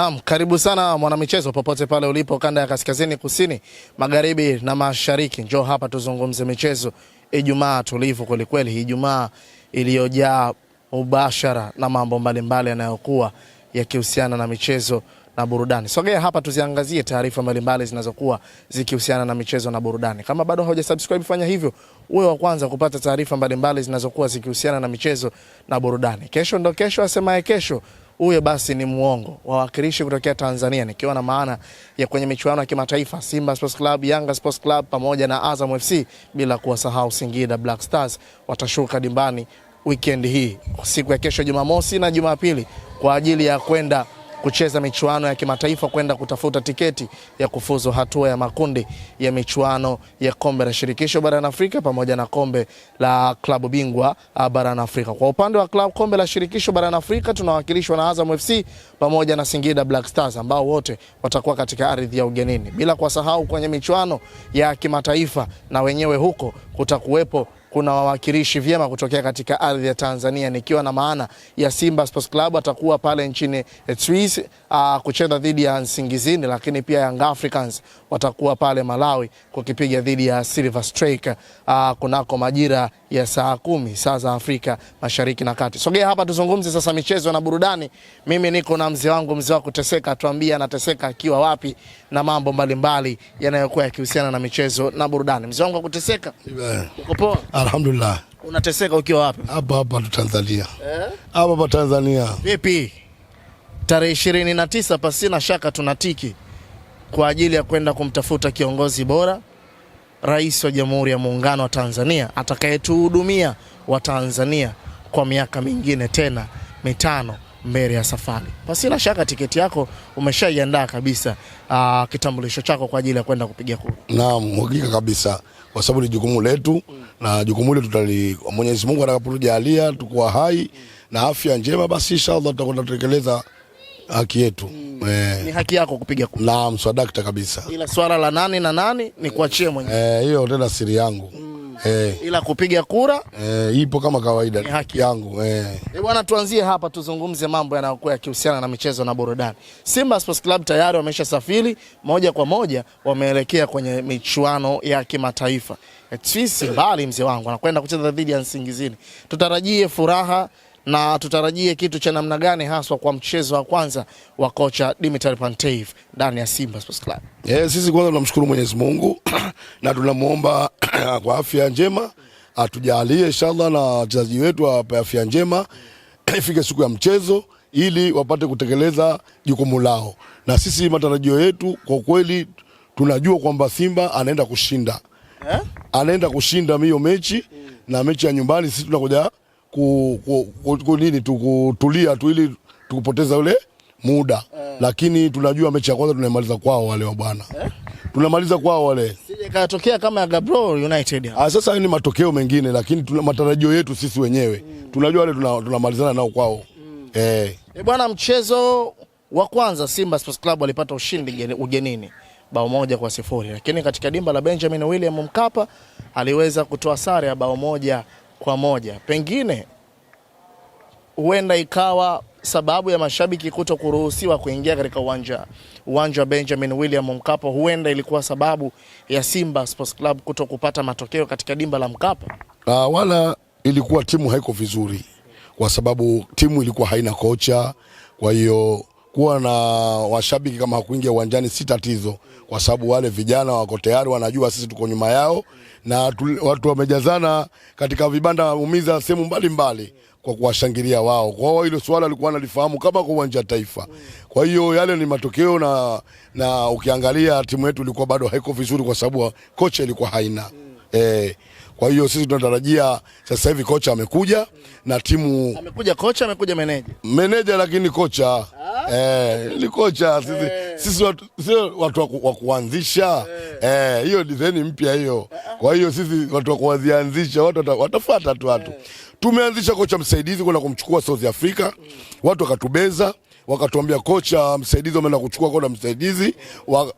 Naam, karibu sana mwanamichezo, popote pale ulipo kanda ya kaskazini, kusini, magharibi na mashariki, njoo hapa tuzungumze michezo. Ijumaa tulivu kwelikweli, Ijumaa iliyojaa mubashara na mambo mbalimbali yanayokuwa yakihusiana na michezo na burudani. Sogea hapa tuziangazie taarifa mbalimbali zinazokuwa zikihusiana na michezo na burudani. Kama bado hujasubscribe, fanya hivyo uwe wa kwanza kupata taarifa mbalimbali zinazokuwa zikihusiana na michezo na burudani. Kesho ndo kesho, asemaye kesho huyo basi ni muongo. Wawakilishi kutokea Tanzania nikiwa na maana ya kwenye michuano ya kimataifa Simba Sports Club, Yanga Sports Club pamoja na Azam FC, bila kuwasahau Singida Black Stars watashuka dimbani weekend hii siku ya kesho Jumamosi na Jumapili kwa ajili ya kwenda kucheza michuano ya kimataifa kwenda kutafuta tiketi ya kufuzu hatua ya makundi ya michuano ya kombe la shirikisho barani Afrika pamoja na kombe la klabu bingwa ah, barani Afrika. Kwa upande wa klabu kombe la shirikisho barani Afrika tunawakilishwa na Azam FC pamoja na Singida Black Stars ambao wote watakuwa katika ardhi ya ugenini, bila kuwasahau kwenye michuano ya kimataifa na wenyewe huko kutakuwepo kuna wawakilishi vyema kutokea katika ardhi ya Tanzania, nikiwa na maana ya Simba Sports Club atakuwa pale nchini Swiss ah, kucheza dhidi ya Nsingizini, lakini pia Young Africans watakuwa pale Malawi kukipiga dhidi ya Silver Strike uh, kunako majira ya saa kumi saa za Afrika Mashariki na Kati. Sogea hapa tuzungumze sasa michezo na burudani. Mimi niko na mzee wangu, mzee wa kuteseka, tuambie anateseka akiwa wapi na mambo mbalimbali yanayokuwa yakihusiana na michezo na burudani. Mzee wangu wa kuteseka, uko poa? Alhamdulillah. Unateseka ukiwa wapi? Hapa hapa Tanzania. Eh? Hapa hapa Tanzania. Vipi? Tarehe 29 pasi na shaka tunatiki kwa ajili ya kwenda kumtafuta kiongozi bora, rais wa Jamhuri ya Muungano wa Tanzania atakayetuhudumia Watanzania kwa miaka mingine tena mitano mbele ya safari. Pasina shaka tiketi yako umeshaiandaa kabisa, uh, kitambulisho chako kwa ajili ya kwenda kupiga kura. Naam, hakika kabisa, kwa sababu ni jukumu letu mm. na jukumu hili tutali, Mwenyezi Mungu atakapotujalia tukuwa hai mm. na afya njema, basi inshallah tutakwenda tutekeleza haki yetu mm. E, ni eh. haki yako kupiga kura. Naam, swadakta kabisa, ila swala la nani na nani ni eh. kuachie mwenyewe eh, hiyo eh, tena siri yangu mm. E, ila kupiga kura eh, ipo kama kawaida, ni haki yangu eh. Eh, bwana, tuanzie hapa tuzungumze mambo yanayokuwa yakihusiana na michezo na burudani. Simba Sports Club tayari wamesha safiri moja kwa moja, wameelekea kwenye michuano ya kimataifa. Sisi mbali mzee wangu anakwenda kucheza dhidi ya Nsingizini, tutarajie furaha na tutarajie kitu cha namna gani haswa kwa mchezo wa kwanza wa kocha Dimitri Pantev ndani ya Simba Sports Club? Yes, eh, sisi kwanza tunamshukuru Mwenyezi Mungu na tunamwomba kwa afya njema atujalie inshallah, na wachezaji wetu wape afya njema ifike siku ya mchezo ili wapate kutekeleza jukumu lao, na sisi matarajio yetu kwa kweli tunajua kwamba Simba anaenda kushinda eh? anaenda kushinda hiyo mechi mm. na mechi ya nyumbani sisi tunakuja ku, ku, ku, ku nini tu kutulia tu ili tukupoteza ule muda eh. Lakini tunajua mechi ya kwanza tunaimaliza kwao wale wa bwana eh? tunamaliza kwao wale, sije kama ya Gabriel United. Ah, sasa ni matokeo mengine, lakini tuna matarajio yetu sisi wenyewe mm. tunajua wale tunamalizana nao kwao mm. eh. E bwana, mchezo wa kwanza Simba Sports Club walipata ushindi ugenini bao moja kwa sifuri, lakini katika dimba la Benjamin William Mkapa aliweza kutoa sare ya bao moja kwa moja. Pengine huenda ikawa sababu ya mashabiki kuto kuruhusiwa kuingia katika uwanja uwanja wa Benjamin William Mkapa, huenda ilikuwa sababu ya Simba Sports Club kuto kupata matokeo katika dimba la Mkapa. Uh, wala ilikuwa timu haiko vizuri, kwa sababu timu ilikuwa haina kocha, kwa hiyo kuwa na washabiki kama hakuingia uwanjani si tatizo, kwa sababu wale vijana wako tayari, wanajua sisi tuko nyuma yao, na watu wamejazana katika vibanda umiza sehemu mbalimbali kwa kuwashangilia wao. Kwa hiyo hilo swala alikuwa analifahamu kama kwa uwanja wa Taifa. Kwa hiyo yale ni matokeo na, na ukiangalia timu yetu ilikuwa bado haiko vizuri kwa sababu kocha ilikuwa haina eh, kwa hiyo sisi tunatarajia sasa hivi kocha amekuja na timu amekuja, kocha amekuja, meneja meneja, lakini kocha ah eh, ni kocha sisi, eh. Sisi watu, watu wa kuanzisha hiyo eh. eh. hiyo design mpya hiyo. Kwa hiyo sisi watu wa kuanzisha watu watafuata tu watu, eh. Tumeanzisha kocha msaidizi kwenda kumchukua South Africa, mm. watu wakatubeza wakatuambia kocha msaidizi ameenda kuchukua kocha msaidizi,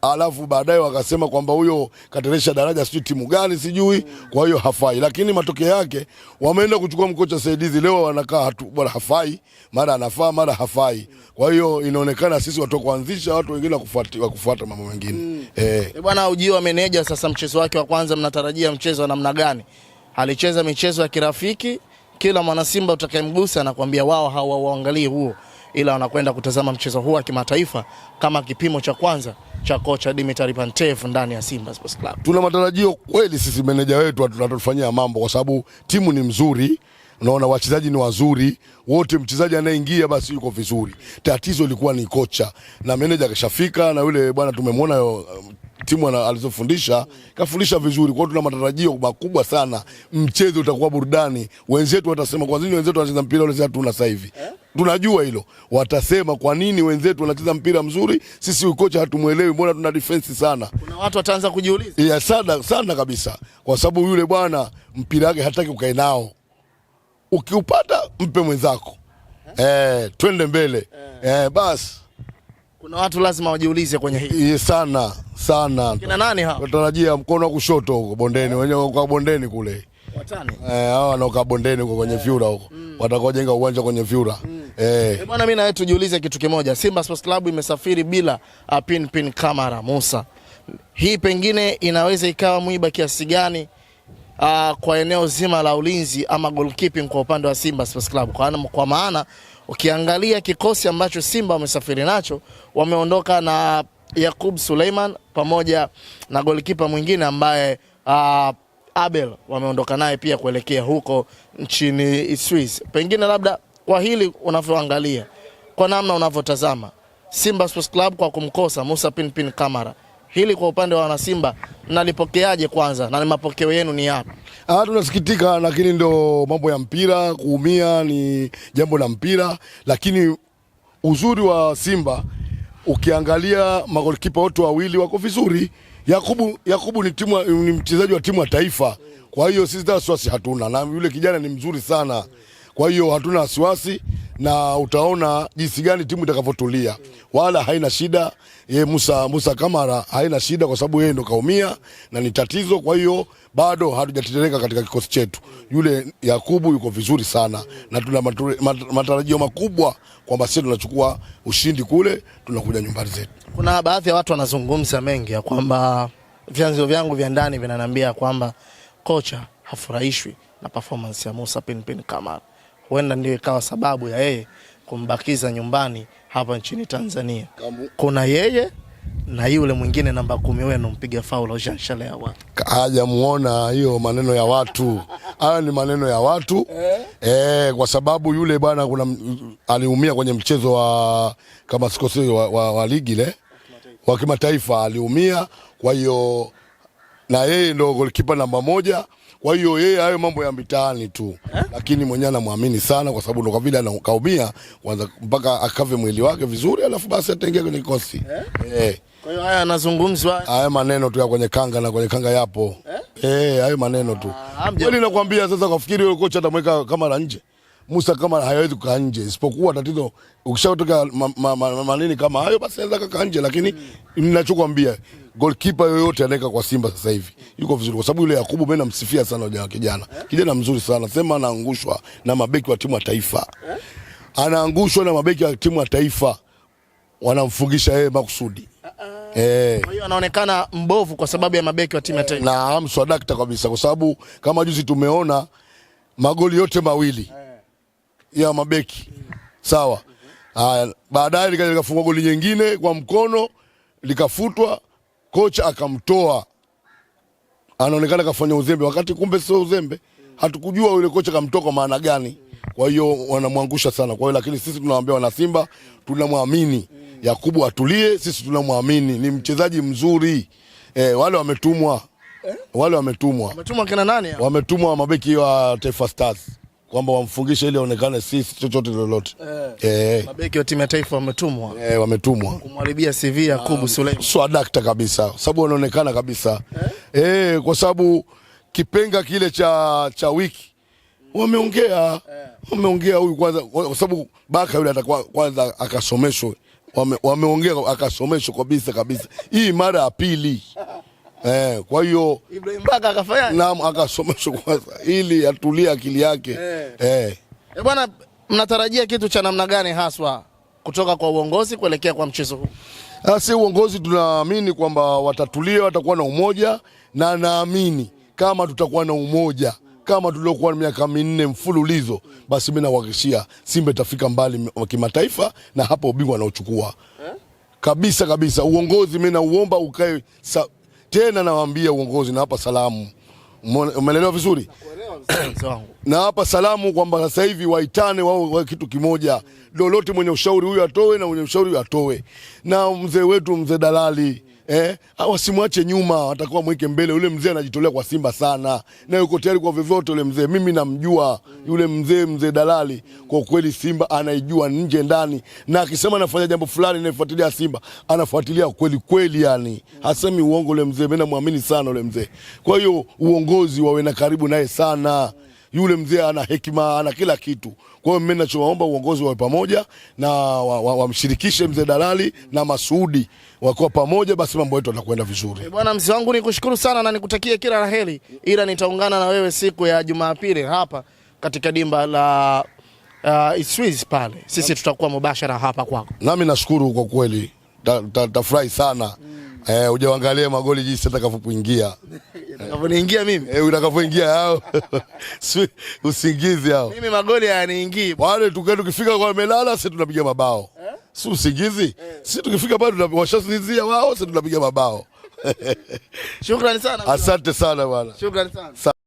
alafu baadaye wakasema kwamba huyo kateresha daraja, sijui timu gani sijui, kwa hiyo hafai. Lakini matokeo yake wameenda kuchukua mkocha msaidizi, leo wanakaa hatu bwana, hafai, mara anafaa, mara hafai. Kwa hiyo inaonekana sisi watu kuanzisha, watu wengine wa kufuata mambo mengine mm. Eh. eh bwana, ujio wa meneja sasa, mchezo wake wa kwanza, mnatarajia mchezo wa namna gani? Alicheza michezo ya kirafiki, kila mwanasimba utakayemgusa anakuambia wao hawauangalii huo ila wanakwenda kutazama mchezo huu wa kimataifa kama kipimo cha kwanza cha kocha Dimitar Pantev ndani ya Simba Sports Club. Tuna matarajio kweli, sisi meneja wetu atatufanyia mambo, kwa sababu timu ni mzuri, unaona wachezaji ni wazuri wote, mchezaji anayeingia basi yuko vizuri. Tatizo ilikuwa ni kocha na meneja, kashafika na yule bwana tumemwona eh, timu alizofundisha kafundisha vizuri kwao. Tuna matarajio makubwa sana, mchezo utakuwa burudani. Wenzetu watasema kwa nini wenzetu wanacheza mpira ule sasa tuna sasa hivi tunajua hilo. Watasema kwa nini wenzetu wanacheza mpira mzuri, sisi ukocha hatumwelewi, mbona tuna defense sana? Kuna watu wataanza kujiuliza yeah, sana, sana kabisa, kwa sababu yule bwana mpira wake hataki ukae nao, ukiupata mpe mwenzako eh? Eh, twende mbele eh. Eh, basi kuna watu lazima wajiulize kwenye hili yeah, sana sana. Kina nani hao? Tunatarajia mkono wa kushoto huko bondeni, wenyewe kwa bondeni kule watani eh, hao wanaoka bondeni huko kwenye vyura eh. huko, mm. watakojenga uwanja kwenye vyura mm. Eh. eh. Bwana mimi nawe tujiulize kitu kimoja. Simba Sports Club imesafiri bila ah, Pin Pin Kamara Musa. Hii pengine inaweza ikawa mwiba kiasi gani uh, kwa eneo zima la ulinzi ama goalkeeping kwa upande wa Simba Sports Club. Kwa, kwa maana ukiangalia kikosi ambacho Simba wamesafiri nacho wameondoka na Yakub Suleiman pamoja na goalkeeper mwingine ambaye uh, Abel wameondoka naye pia kuelekea huko nchini Swiss. Pengine labda kwa hili unavyoangalia, kwa namna unavyotazama Simba Sports Club kwa kumkosa Musa Pinpin Kamara, hili kwa upande wa wanasimba nalipokeaje kwanza, na mapokeo yenu ni yapi? Ah, tunasikitika, lakini ndo mambo ya mpira. Kuumia ni jambo la mpira, lakini uzuri wa Simba ukiangalia magolikipa wote wawili wako vizuri. Yakubu, Yakubu ni timu, ni mchezaji wa timu ya taifa, kwa hiyo sisi wasiwasi hatuna, na yule kijana ni mzuri sana. Kwa hiyo hatuna wasiwasi na utaona jinsi gani timu itakavyotulia, wala haina shida ye. Musa, Musa Kamara haina shida kwa sababu yeye ndo kaumia na ni tatizo. Kwa hiyo bado hatujatetereka katika kikosi chetu. Yule Yakubu yuko vizuri sana na tuna matarajio makubwa kwamba sisi tunachukua ushindi kule, tunakuja nyumbani zetu. Kuna baadhi ya watu wanazungumza mengi ya kwamba vyanzo vyangu vya ndani vinanambia kwamba kocha hafurahishwi na performance ya Musa Pinpin Kamara huenda ndio ikawa sababu ya yeye kumbakiza nyumbani hapa nchini Tanzania. Kuna yeye na yule mwingine namba kumi wenu mpiga faulo Jean Shale ya watu hajamuona. Hiyo maneno ya watu haya ni maneno ya watu eh? eh, kwa sababu yule bwana kuna aliumia kwenye mchezo wa kama sikosi wa, wa, wa ligi le wa kimataifa aliumia, kwa hiyo na yeye ndo golikipa namba moja. Kwa hiyo yeye hayo mambo ya mitaani tu eh? Lakini mwenyewe anamwamini sana, kwa sababu ndo kwa vile anakaumia kwanza mpaka akave mwili wake vizuri, alafu basi ataingia kwenye kikosi eh? Eh. Kwa hiyo haya anazungumzwa haya maneno tu ya kwenye kanga na kwenye kanga yapo eh? Eh, hayo maneno tu ah, kweli, nakwambia sasa. Kafikiri yule kocha atamweka kama la nje Musa kama hayawezi kukaa nje, isipokuwa tatizo ukishatoka ma, ma, ma, manini kama hayo basi anaweza kukaa nje, lakini mm. ninachokwambia goalkeeper yoyote anaweka kwa Simba sasa hivi yuko vizuri, kwa sababu yule Yakubu mimi namsifia sana ujana, kijana eh? kijana mzuri sana sema, anaangushwa na mabeki wa timu ya taifa, eh? anaangushwa na mabeki wa timu ya taifa, wanamfungisha yeye makusudi uh -uh. Eh. Kwa hiyo anaonekana mbovu kwa sababu ya mabeki wa timu ya taifa. Na amswadakta kabisa kwa sababu kama juzi tumeona magoli yote mawili. eh ya mabeki sawa. Haya, baadaye likaja likafungwa goli nyingine kwa mkono likafutwa, kocha akamtoa, anaonekana kafanya uzembe, wakati kumbe sio uzembe. Hatukujua yule kocha kamtoa kwa maana gani. Kwa hiyo wanamwangusha sana. Kwa hiyo lakini sisi tunawaambia wana Simba, tunamwamini Yakubu atulie, sisi tunamwamini ni mchezaji mzuri eh. Wale wametumwa eh? Wale wametumwa wametumwa kina nani? Wametumwa mabeki wa Taifa Stars kwamba wamfungishe ili aonekane sisi chochote lolote. Eh, eh, eh, mabeki wa timu ya taifa wametumwa, eh, wametumwa kumharibia CV ya ah, Kubu Suleiman swadakta kabisa, sababu wanaonekana kabisa eh? Eh, kwa sababu kipenga kile cha, cha wiki wameongea eh. Wameongea huyu kwanza, kwa sababu baka yule atakuwa kwanza akasomeshwe, wameongea wame akasomeshwe kabisa kabisa, hii mara ya pili Eh, kwa hiyo Ibrahim Baka akafanya? Naam, akasomeshwa kwanza ili atulie akili yake. Eh. Eh. E bwana, mnatarajia kitu cha namna gani haswa kutoka kwa uongozi kuelekea kwa mchezo huu? Ah, Sasa uongozi tunaamini kwamba watatulia, watakuwa na umoja na naamini kama tutakuwa na umoja kama tuliokuwa miaka minne mfululizo, basi mimi nakuhakikishia Simba itafika mbali kimataifa, na hapo ubingwa anaochukua eh? kabisa kabisa. Uongozi mimi nauomba ukae tena nawaambia uongozi na hapa salamu, umeelewa vizuri na hapa salamu kwamba sasa hivi waitane wao wa kitu kimoja, lolote mwenye ushauri huyu atoe na mwenye ushauri huyu atoe, na mzee wetu mzee Dalali eh, wasimwache nyuma, watakuwa mweke mbele. Yule mzee anajitolea kwa Simba sana na yuko tayari kwa vyovyote. Yule mzee mimi namjua yule mzee, mzee Dalali, kwa kweli Simba anaijua nje ndani, na akisema anafanya jambo fulani naifuatilia Simba, anafuatilia kweli kweli, yani hasemi uongo. Yule mzee mimi namwamini sana yule mzee. Kwa hiyo uongozi wawe na karibu naye sana yule mzee ana hekima, ana kila kitu. Kwa hiyo mimi ninachowaomba uongozi wawe pamoja na wamshirikishe wa, wa mzee Dalali na Masudi, wakiwa pamoja basi mambo yetu yatakwenda vizuri. Eh, bwana mzee wangu, nikushukuru sana na nikutakie kila la heri, ila nitaungana na wewe siku ya Jumapili hapa katika dimba la uh, Iswizi pale, sisi tutakuwa mubashara hapa kwako. Nami nashukuru kwa kweli, tafurahi ta, ta sana mm. Eh, ujaangalia magoli jinsi atakavyoingia. Atakavyoniingia mimi? Eh, utakavyoingia hao. Usingizi hao. Mimi magoli hayaniingii. Wale tukae tukifika kwa melala sisi tunapiga mabao. Eh? Si usingizi? Eh. Sisi tukifika bado tunawashasinizia wao sisi tunapiga mabao. Shukrani sana. Asante sana bwana. Shukrani sana. Sa